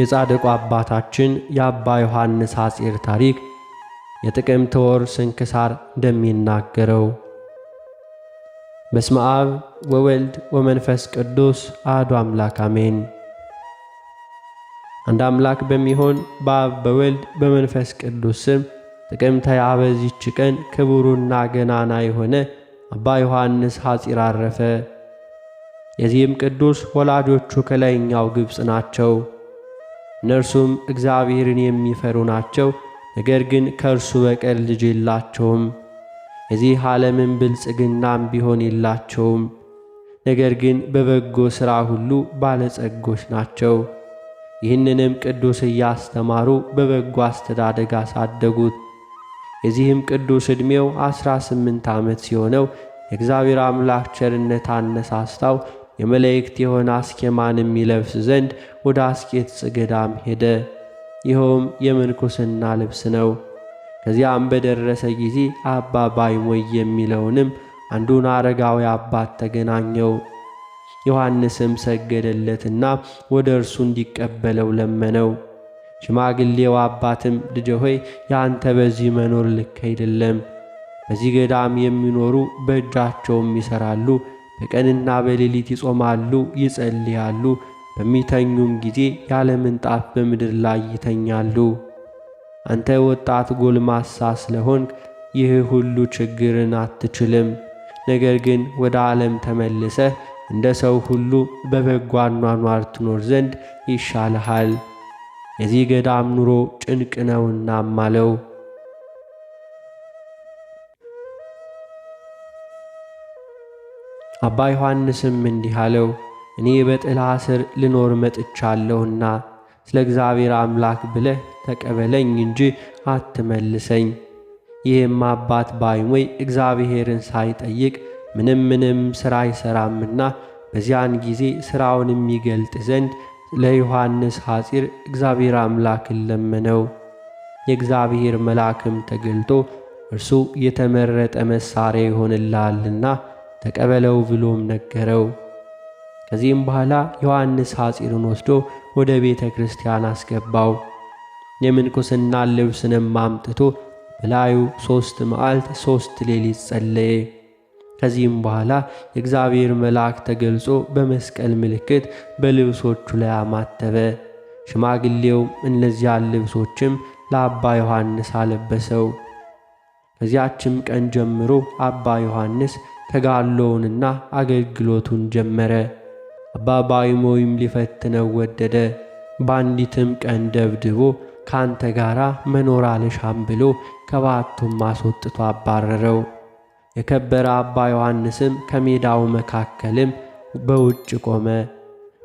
የጻድቁ አባታችን የአባ ዮሐንስ ሐፂር ታሪክ የጥቅምት ወር ስንክሳር እንደሚናገረው በስመ አብ ወወልድ ወመንፈስ ቅዱስ አሐዱ አምላክ አሜን። አንድ አምላክ በሚሆን በአብ በወልድ በመንፈስ ቅዱስ ስም ጥቅምት ሃያ በዚች ቀን ክብሩና ገናና የሆነ አባ ዮሐንስ ሐፂር አረፈ። የዚህም ቅዱስ ወላጆቹ ከላይኛው ግብፅ ናቸው። እነርሱም እግዚአብሔርን የሚፈሩ ናቸው፣ ነገር ግን ከእርሱ በቀር ልጅ የላቸውም። የዚህ ዓለምን ብልጽግናም ቢሆን የላቸውም፣ ነገር ግን በበጎ ሥራ ሁሉ ባለጸጎች ናቸው። ይህንንም ቅዱስ እያስተማሩ በበጎ አስተዳደግ አሳደጉት። የዚህም ቅዱስ ዕድሜው ዐሥራ ስምንት ዓመት ሲሆነው የእግዚአብሔር አምላክ ቸርነት አነሳስታው የመላእክት የሆነ አስኬማንም ይለብስ ዘንድ ወደ አስቄጥስ ገዳም ሄደ። ይኸውም የምንኩስና ልብስ ነው። ከዚያም በደረሰ ጊዜ አባ ባይሞይ የሚለውንም አንዱን አረጋዊ አባት ተገናኘው። ዮሐንስም ሰገደለትና ወደ እርሱ እንዲቀበለው ለመነው። ሽማግሌው አባትም ልጄ ሆይ ያንተ በዚህ መኖር ልክ አይደለም። በዚህ ገዳም የሚኖሩ በእጃቸውም ይሠራሉ በቀንና በሌሊት ይጾማሉ፣ ይጸልያሉ። በሚተኙም ጊዜ ያለ ምንጣፍ በምድር ላይ ይተኛሉ። አንተ ወጣት ጎልማሳ ስለሆንክ ይህ ሁሉ ችግርን አትችልም። ነገር ግን ወደ ዓለም ተመልሰህ እንደ ሰው ሁሉ በበጎ አኗኗር ትኖር ዘንድ ይሻልሃል። የዚህ ገዳም ኑሮ ጭንቅ ነውና አለው። አባ ዮሐንስም እንዲህ አለው፣ እኔ በጥላ ስር ልኖር መጥቻለሁና ስለ እግዚአብሔር አምላክ ብለህ ተቀበለኝ እንጂ አትመልሰኝ። ይህም አባት ባይሞይ እግዚአብሔርን ሳይጠይቅ ምንም ምንም ሥራ አይሠራምና በዚያን ጊዜ ሥራውን የሚገልጥ ዘንድ ለዮሐንስ ሐፂር እግዚአብሔር አምላክን ለመነው። የእግዚአብሔር መልአክም ተገልጦ እርሱ የተመረጠ መሣሪያ ይሆንልሃልና ተቀበለው ብሎም ነገረው። ከዚህም በኋላ ዮሐንስ ሐጺሩን ወስዶ ወደ ቤተ ክርስቲያን አስገባው። የምንኩስና ልብስንም አምጥቶ በላዩ ሦስት መዓልት ሦስት ሌሊት ጸለየ። ከዚህም በኋላ የእግዚአብሔር መልአክ ተገልጾ በመስቀል ምልክት በልብሶቹ ላይ አማተበ። ሽማግሌው እነዚያን ልብሶችም ለአባ ዮሐንስ አለበሰው። ከዚያችም ቀን ጀምሮ አባ ዮሐንስ ተጋድሎውንና አገልግሎቱን ጀመረ። አባ ባይሞይም ሊፈትነው ወደደ። በአንዲትም ቀን ደብድቦ ካንተ ጋር መኖር አልሻም ብሎ ከባቱም አስወጥቶ አባረረው። የከበረ አባ ዮሐንስም ከሜዳው መካከልም በውጭ ቆመ።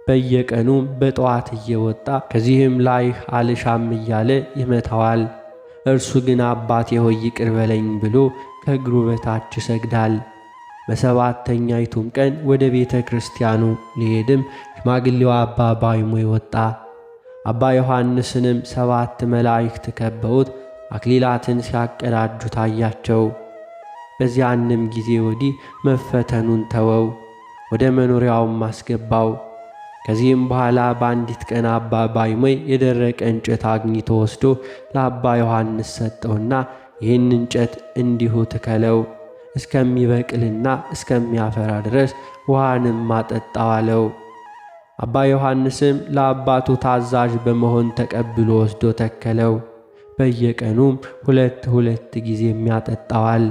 በየቀኑም በጠዋት እየወጣ ከዚህም ላይ አልሻም እያለ ይመታዋል። እርሱ ግን አባቴ ሆይ ይቅር በለኝ ብሎ ከእግሩ በታች ይሰግዳል። በሰባተኛይቱም ቀን ወደ ቤተ ክርስቲያኑ ሊሄድም ሽማግሌው አባ ባይሞይ ወጣ። አባ ዮሐንስንም ሰባት መላእክት ከበውት አክሊላትን ሲያቀዳጁ ታያቸው። በዚያንም ጊዜ ወዲህ መፈተኑን ተወው፣ ወደ መኖሪያውም አስገባው። ከዚህም በኋላ በአንዲት ቀን አባ ባይሞይ የደረቀ እንጨት አግኝቶ ወስዶ ለአባ ዮሐንስ ሰጠውና ይህን እንጨት እንዲሁ ትከለው እስከሚበቅልና እስከሚያፈራ ድረስ ውሃንም አጠጣው አለው። አባ ዮሐንስም ለአባቱ ታዛዥ በመሆን ተቀብሎ ወስዶ ተከለው። በየቀኑም ሁለት ሁለት ጊዜም ያጠጣዋል።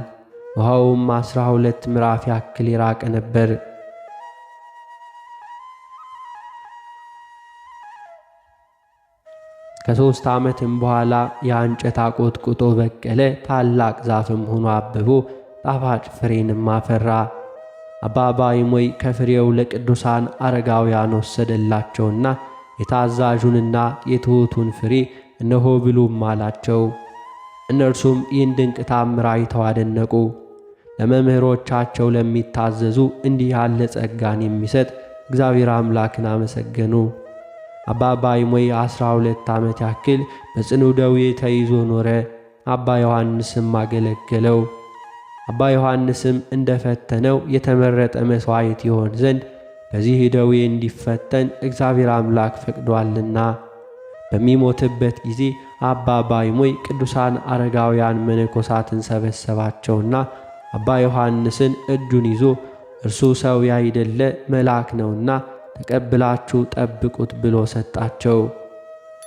ውሃውም አስራ ሁለት ምዕራፍ ያክል የራቀ ነበር። ከሦስት ዓመትም በኋላ የእንጨት አቆጥቁጦ በቀለ፣ ታላቅ ዛፍም ሆኖ አብቦ ጣፋጭ ፍሬንም አፈራ። አባ ባይሞይ ከፍሬው ለቅዱሳን አረጋውያን ወሰደላቸውና የታዛዡንና የትሑቱን ፍሬ እነሆ ብሉም አላቸው። እነርሱም ይህን ድንቅ ታምር አይተው አደነቁ። ለመምህሮቻቸው ለሚታዘዙ እንዲህ ያለ ጸጋን የሚሰጥ እግዚአብሔር አምላክን አመሰገኑ። አባ ባይሞይ አስራ ሁለት ዓመት ያክል በጽኑ ደዌ ተይዞ ኖረ። አባ ዮሐንስም አገለገለው። አባ ዮሐንስም እንደፈተነው የተመረጠ መሥዋዕት ይሆን ዘንድ በዚህ ደዌ እንዲፈተን እግዚአብሔር አምላክ ፈቅዷልና በሚሞትበት ጊዜ አባ ባይሞይ ቅዱሳን አረጋውያን መነኮሳትን ሰበሰባቸውና አባ ዮሐንስን እጁን ይዞ እርሱ ሰው ያይደለ መልአክ ነውና ተቀብላችሁ ጠብቁት ብሎ ሰጣቸው።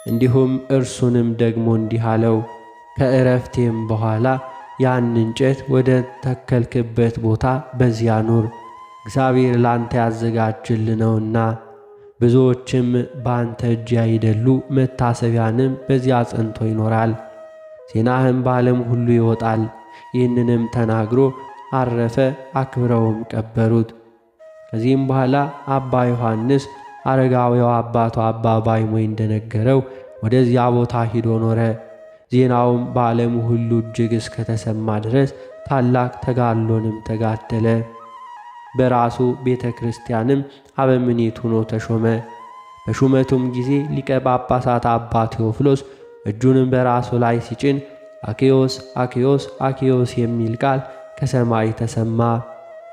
እንዲሁም እርሱንም ደግሞ እንዲህ አለው ከእረፍቴም በኋላ ያን እንጨት ወደ ተከልክበት ቦታ በዚያ ኑር፣ እግዚአብሔር ላንተ ነውና ብዙዎችም በአንተ እጅ ያይደሉ መታሰቢያንም በዚያ ጸንቶ ይኖራል። ዜናህም በዓለም ሁሉ ይወጣል። ይህንንም ተናግሮ አረፈ፣ አክብረውም ቀበሩት። ከዚህም በኋላ አባ ዮሐንስ አረጋዊው አባቱ አባ ባይሞይ እንደነገረው ወደዚያ ቦታ ሂዶ ኖረ። ዜናውም በዓለሙ ሁሉ እጅግ እስከተሰማ ድረስ ታላቅ ተጋድሎንም ተጋደለ። በራሱ ቤተ ክርስቲያንም አበምኔት ሆኖ ተሾመ። በሹመቱም ጊዜ ሊቀ ጳጳሳት አባ ቴዎፍሎስ እጁንም በራሱ ላይ ሲጭን አኬዎስ አኬዎስ አኬዎስ የሚል ቃል ከሰማይ ተሰማ።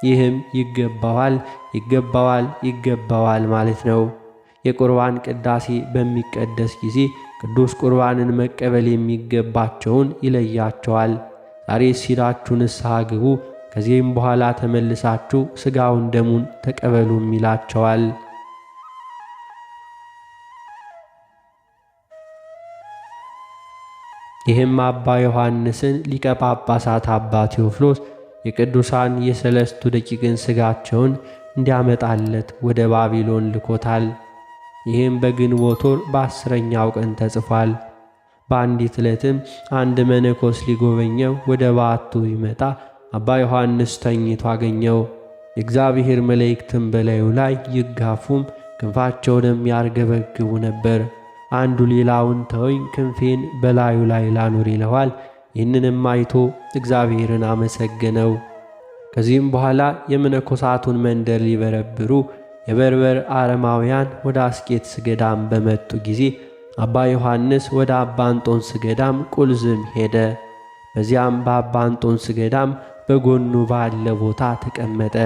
ይህም ይገባዋል ይገባዋል ይገባዋል ማለት ነው። የቁርባን ቅዳሴ በሚቀደስ ጊዜ ቅዱስ ቁርባንን መቀበል የሚገባቸውን ይለያቸዋል። ዛሬ ሲራችሁ ንስሐ ግቡ፣ ከዚህም በኋላ ተመልሳችሁ ሥጋውን ደሙን ተቀበሉም ይላቸዋል። ይህም አባ ዮሐንስን ሊቀ ጳጳሳት አባ ቴዎፍሎስ የቅዱሳን የሰለስቱ ደቂቅን ሥጋቸውን እንዲያመጣለት ወደ ባቢሎን ልኮታል። ይህም በግንቦት ወር በአስረኛው ቀን ተጽፏል። በአንዲት ዕለትም አንድ መነኮስ ሊጎበኘው ወደ ባቱ ይመጣ አባ ዮሐንስ ተኝቶ አገኘው። የእግዚአብሔር መላእክትም በላዩ ላይ ይጋፉም ክንፋቸውንም ያርገበግቡ ነበር። አንዱ ሌላውን ተወኝ ክንፌን በላዩ ላይ ላኑር ይለዋል። ይህንንም አይቶ እግዚአብሔርን አመሰገነው። ከዚህም በኋላ የመነኮሳቱን መንደር ሊበረብሩ የበርበር አረማውያን ወደ አስቄጥስ ገዳም በመጡ ጊዜ አባ ዮሐንስ ወደ አባ ስገዳም ገዳም ቁልዝም ሄደ። በዚያም በአባ ስገዳም ገዳም በጎኑ ባለ ቦታ ተቀመጠ።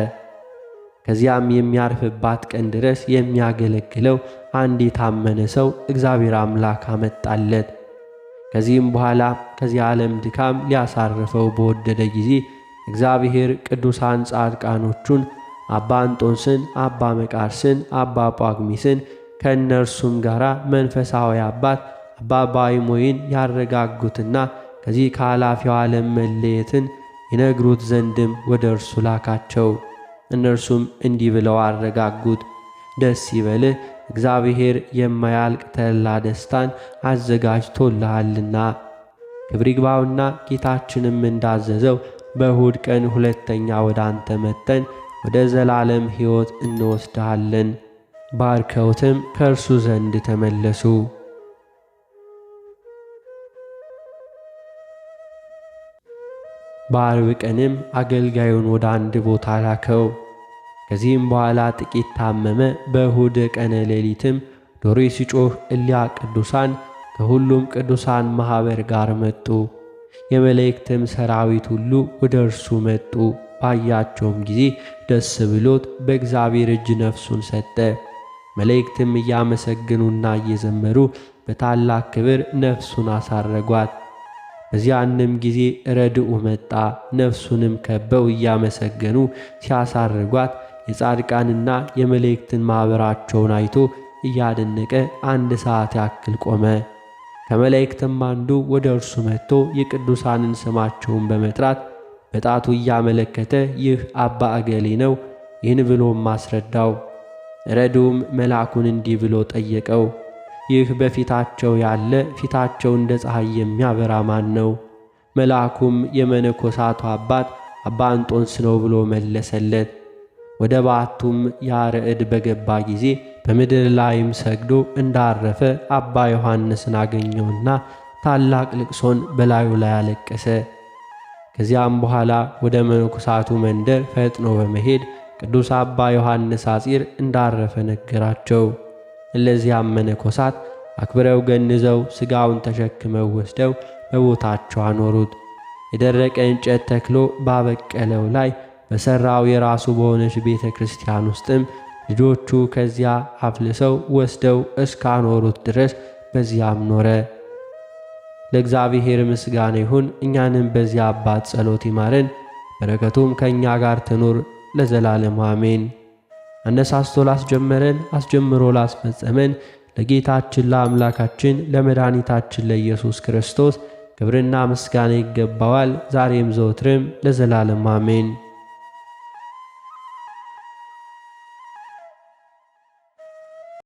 ከዚያም የሚያርፍባት ቀን ድረስ የሚያገለግለው አንድ የታመነ ሰው እግዚአብሔር አምላክ አመጣለት። ከዚህም በኋላ ከዚህ ዓለም ድካም ሊያሳርፈው በወደደ ጊዜ እግዚአብሔር ቅዱሳን ጻድቃኖቹን አባ አንጦንስን፣ አባ መቃርስን፣ አባ ስን ከእነርሱም ጋር መንፈሳዊ አባት አባ ባይሞይን ያረጋጉትና ከዚህ ከኃላፊው ዓለም መለየትን ይነግሩት ዘንድም ወደ እርሱ ላካቸው። እነርሱም እንዲህ ብለው አረጋጉት። ደስ ይበልህ እግዚአብሔር የማያልቅ ተላ ደስታን አዘጋጅቶልሃልና ክብር ይግባውና ጌታችንም እንዳዘዘው በእሁድ ቀን ሁለተኛ ወደ አንተ መጥተን ወደ ዘላለም ሕይወት እንወስድሃለን። ባርከውትም ከእርሱ ዘንድ ተመለሱ። በአርብ ቀንም አገልጋዩን ወደ አንድ ቦታ ላከው። ከዚህም በኋላ ጥቂት ታመመ። በእሁድ ቀነ ሌሊትም ዶሮ ሲጮህ እሊያ ቅዱሳን ከሁሉም ቅዱሳን ማኅበር ጋር መጡ። የመላእክትም ሰራዊት ሁሉ ወደ እርሱ መጡ። ባያቸውም ጊዜ ደስ ብሎት በእግዚአብሔር እጅ ነፍሱን ሰጠ። መላእክትም እያመሰገኑና እየዘመሩ በታላቅ ክብር ነፍሱን አሳረጓት። በዚያንም ጊዜ ረድኡ መጣ። ነፍሱንም ከበው እያመሰገኑ ሲያሳርጓት የጻድቃንና የመላእክትን ማኅበራቸውን አይቶ እያደነቀ አንድ ሰዓት ያክል ቆመ። ከመላእክትም አንዱ ወደ እርሱ መጥቶ የቅዱሳንን ስማቸውን በመጥራት በጣቱ እያመለከተ ይህ አባ እገሌ ነው፣ ይህን ብሎም ማስረዳው። ረዱም መልአኩን እንዲህ ብሎ ጠየቀው፣ ይህ በፊታቸው ያለ ፊታቸው እንደ ፀሐይ የሚያበራ ማን ነው? መልአኩም የመነኮሳቱ አባት አባ እንጦንስ ነው ብሎ መለሰለት። ወደ ባቱም ያ በገባ ጊዜ በምድር ላይም ሰግዶ እንዳረፈ አባ ዮሐንስን አገኘውና ታላቅ ልቅሶን በላዩ ላይ አለቀሰ። ከዚያም በኋላ ወደ መነኮሳቱ መንደር ፈጥኖ በመሄድ ቅዱስ አባ ዮሐንስ አጺር እንዳረፈ ነገራቸው። እነዚያም መነኮሳት አክብረው ገንዘው ሥጋውን ተሸክመው ወስደው በቦታቸው አኖሩት። የደረቀ እንጨት ተክሎ ባበቀለው ላይ በሠራው የራሱ በሆነች ቤተ ክርስቲያን ውስጥም ልጆቹ ከዚያ አፍልሰው ወስደው እስካኖሩት ድረስ በዚያም ኖረ። ለእግዚአብሔር ምስጋና ይሁን። እኛንም በዚህ አባት ጸሎት ይማረን፣ በረከቱም ከእኛ ጋር ትኑር ለዘላለም አሜን። አነሳስቶ ላስጀመረን አስጀምሮ ላስፈጸመን ለጌታችን ለአምላካችን ለመድኃኒታችን ለኢየሱስ ክርስቶስ ክብርና ምስጋና ይገባዋል፣ ዛሬም ዘወትርም ለዘላለም አሜን።